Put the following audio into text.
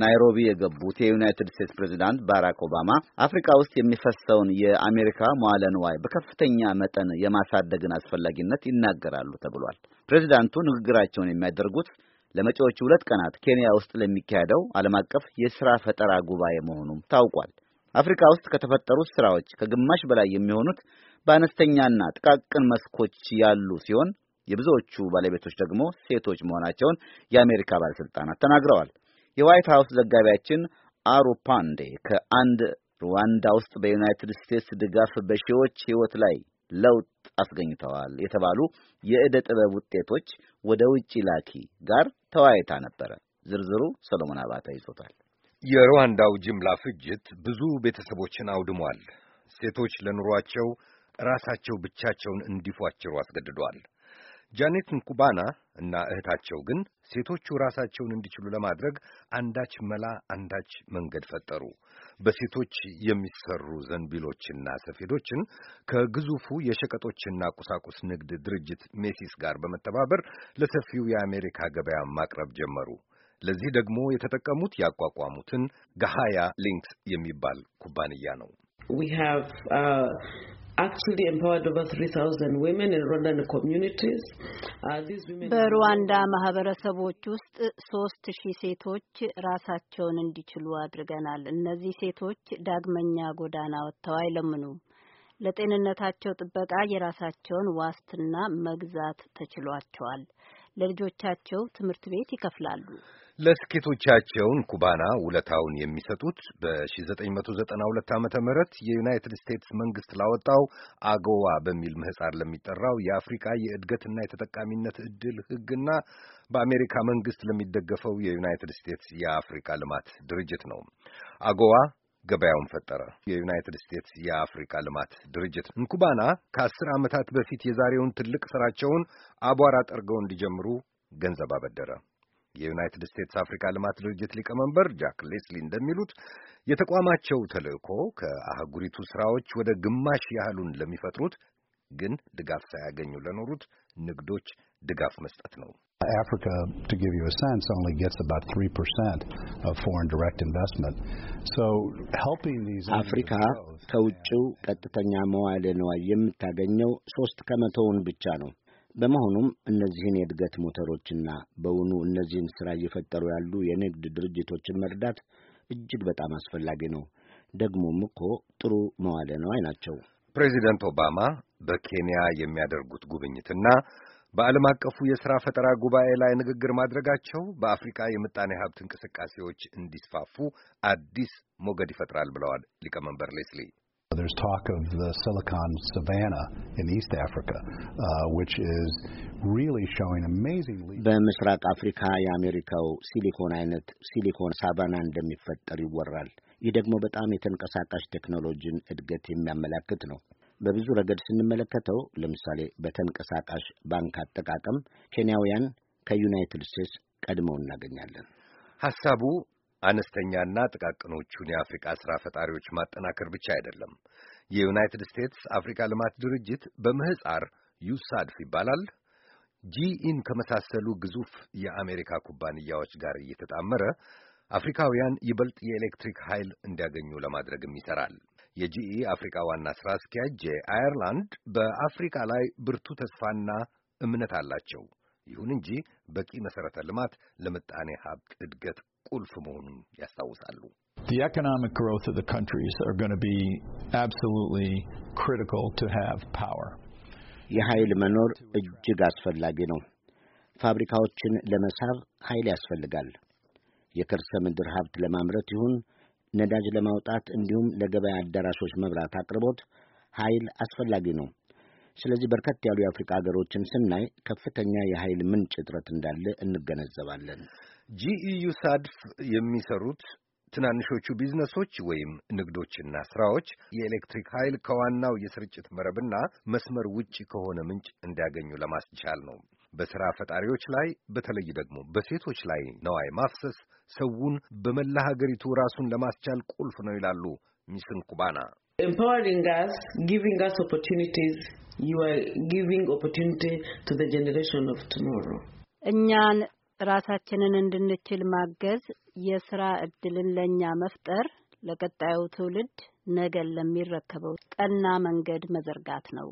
ናይሮቢ የገቡት የዩናይትድ ስቴትስ ፕሬዚዳንት ባራክ ኦባማ አፍሪካ ውስጥ የሚፈሰውን የአሜሪካ መዋለ ንዋይ በከፍተኛ መጠን የማሳደግን አስፈላጊነት ይናገራሉ ተብሏል። ፕሬዚዳንቱ ንግግራቸውን የሚያደርጉት ለመጪዎቹ ሁለት ቀናት ኬንያ ውስጥ ለሚካሄደው ዓለም አቀፍ የሥራ ፈጠራ ጉባኤ መሆኑም ታውቋል። አፍሪካ ውስጥ ከተፈጠሩት ሥራዎች ከግማሽ በላይ የሚሆኑት በአነስተኛና ጥቃቅን መስኮች ያሉ ሲሆን የብዙዎቹ ባለቤቶች ደግሞ ሴቶች መሆናቸውን የአሜሪካ ባለስልጣናት ተናግረዋል። የዋይት ሀውስ ዘጋቢያችን አሩ ፓንዴ ከአንድ ሩዋንዳ ውስጥ በዩናይትድ ስቴትስ ድጋፍ በሺዎች ሕይወት ላይ ለውጥ አስገኝተዋል የተባሉ የዕደ ጥበብ ውጤቶች ወደ ውጪ ላኪ ጋር ተወያይታ ነበረ። ዝርዝሩ ሰሎሞን አባተ ይዞታል። የሩዋንዳው ጅምላ ፍጅት ብዙ ቤተሰቦችን አውድሟል። ሴቶች ለኑሯቸው ራሳቸው ብቻቸውን እንዲፏችሩ አስገድዷል። ጃኔት ንኩባና እና እህታቸው ግን ሴቶቹ ራሳቸውን እንዲችሉ ለማድረግ አንዳች መላ አንዳች መንገድ ፈጠሩ። በሴቶች የሚሰሩ ዘንቢሎችና ሰፌዶችን ከግዙፉ የሸቀጦችና ቁሳቁስ ንግድ ድርጅት ሜሲስ ጋር በመተባበር ለሰፊው የአሜሪካ ገበያ ማቅረብ ጀመሩ። ለዚህ ደግሞ የተጠቀሙት ያቋቋሙትን ገሃያ ሊንክስ የሚባል ኩባንያ ነው። actually empowered over 3,000 women in Rwandan communities. Uh, these women በሩዋንዳ ማህበረሰቦች ውስጥ ሶስት ሺህ ሴቶች ራሳቸውን እንዲችሉ አድርገናል። እነዚህ ሴቶች ዳግመኛ ጎዳና ወጥተው አይለምኑም። ለጤንነታቸው ጥበቃ የራሳቸውን ዋስትና መግዛት ተችሏቸዋል። ለልጆቻቸው ትምህርት ቤት ይከፍላሉ። ለስኬቶቻቸውን ኩባና ውለታውን የሚሰጡት በ1992 ዓመተ ምህረት የዩናይትድ ስቴትስ መንግስት ላወጣው አጎዋ በሚል ምህፃር ለሚጠራው የአፍሪካ የእድገትና የተጠቃሚነት እድል ህግና በአሜሪካ መንግስት ለሚደገፈው የዩናይትድ ስቴትስ የአፍሪካ ልማት ድርጅት ነው። አጎዋ ገበያውን ፈጠረ። የዩናይትድ ስቴትስ የአፍሪካ ልማት ድርጅት እንኩባና ከአስር ዓመታት በፊት የዛሬውን ትልቅ ስራቸውን አቧራ ጠርገው እንዲጀምሩ ገንዘብ አበደረ። የዩናይትድ ስቴትስ አፍሪካ ልማት ድርጅት ሊቀመንበር ጃክ ሌስሊ እንደሚሉት የተቋማቸው ተልእኮ ከአህጉሪቱ ስራዎች ወደ ግማሽ ያህሉን ለሚፈጥሩት ግን ድጋፍ ሳያገኙ ለኖሩት ንግዶች ድጋፍ መስጠት ነው። Africa, to give you a sense, only gets about 3% of foreign direct investment. So helping these አፍሪካ ከውጭው ቀጥተኛ መዋዕለ ንዋይ የምታገኘው ሶስት ከመቶውን ብቻ ነው። በመሆኑም እነዚህን የእድገት ሞተሮችና በውኑ እነዚህን ሥራ እየፈጠሩ ያሉ የንግድ ድርጅቶችን መርዳት እጅግ በጣም አስፈላጊ ነው። ደግሞም እኮ ጥሩ መዋለ ነዋይ ናቸው። ፕሬዚደንት ኦባማ በኬንያ የሚያደርጉት ጉብኝትና በዓለም አቀፉ የሥራ ፈጠራ ጉባኤ ላይ ንግግር ማድረጋቸው በአፍሪካ የምጣኔ ሀብት እንቅስቃሴዎች እንዲስፋፉ አዲስ ሞገድ ይፈጥራል ብለዋል ሊቀመንበር ሌስሊ there's talk of the Silicon Savannah in East Africa, uh, which is really showing amazing በምስራቅ አፍሪካ የአሜሪካው ሲሊኮን አይነት ሲሊኮን ሳቫና እንደሚፈጠር ይወራል። ይህ ደግሞ በጣም የተንቀሳቃሽ ቴክኖሎጂን እድገት የሚያመላክት ነው። በብዙ ረገድ ስንመለከተው ለምሳሌ በተንቀሳቃሽ ባንክ አጠቃቀም ኬንያውያን ከዩናይትድ ስቴትስ ቀድመው እናገኛለን። ሐሳቡ አነስተኛና ጥቃቅኖቹን የአፍሪቃ ሥራ ፈጣሪዎች ማጠናከር ብቻ አይደለም። የዩናይትድ ስቴትስ አፍሪካ ልማት ድርጅት በምህፃር ዩሳድፍ ይባላል። ጂኢን ከመሳሰሉ ግዙፍ የአሜሪካ ኩባንያዎች ጋር እየተጣመረ አፍሪካውያን ይበልጥ የኤሌክትሪክ ኃይል እንዲያገኙ ለማድረግም ይሠራል። የጂኢ አፍሪካ ዋና ሥራ አስኪያጅ አየርላንድ በአፍሪካ ላይ ብርቱ ተስፋና እምነት አላቸው። ይሁን እንጂ በቂ መሠረተ ልማት ለምጣኔ ሀብት እድገት ቁልፍ መሆኑን ያስታውሳሉ። The economic growth of the countries are going to be absolutely critical to have power. የኃይል መኖር እጅግ አስፈላጊ ነው። ፋብሪካዎችን ለመሳብ ኃይል ያስፈልጋል። የከርሰ ምድር ሀብት ለማምረት ይሁን ነዳጅ ለማውጣት እንዲሁም ለገበያ አዳራሾች መብራት አቅርቦት ኃይል አስፈላጊ ነው። ስለዚህ በርከት ያሉ የአፍሪካ ሀገሮችን ስናይ ከፍተኛ የኃይል ምንጭ እጥረት እንዳለ እንገነዘባለን። ጂኢዩ ሳድፍ የሚሰሩት ትናንሾቹ ቢዝነሶች ወይም ንግዶችና ስራዎች የኤሌክትሪክ ኃይል ከዋናው የስርጭት መረብና መስመር ውጪ ከሆነ ምንጭ እንዲያገኙ ለማስቻል ነው። በሥራ ፈጣሪዎች ላይ በተለይ ደግሞ በሴቶች ላይ ነዋይ ማፍሰስ ሰውን በመላ ሀገሪቱ ራሱን ለማስቻል ቁልፍ ነው ይላሉ ሚስን ኩባና። empowering us, giving us opportunities you are giving opportunity to the generation of tomorrow. እኛን ራሳችንን እንድንችል ማገዝ፣ የስራ እድልን ለእኛ መፍጠር ለቀጣዩ ትውልድ ነገን ለሚረከበው ቀና መንገድ መዘርጋት ነው።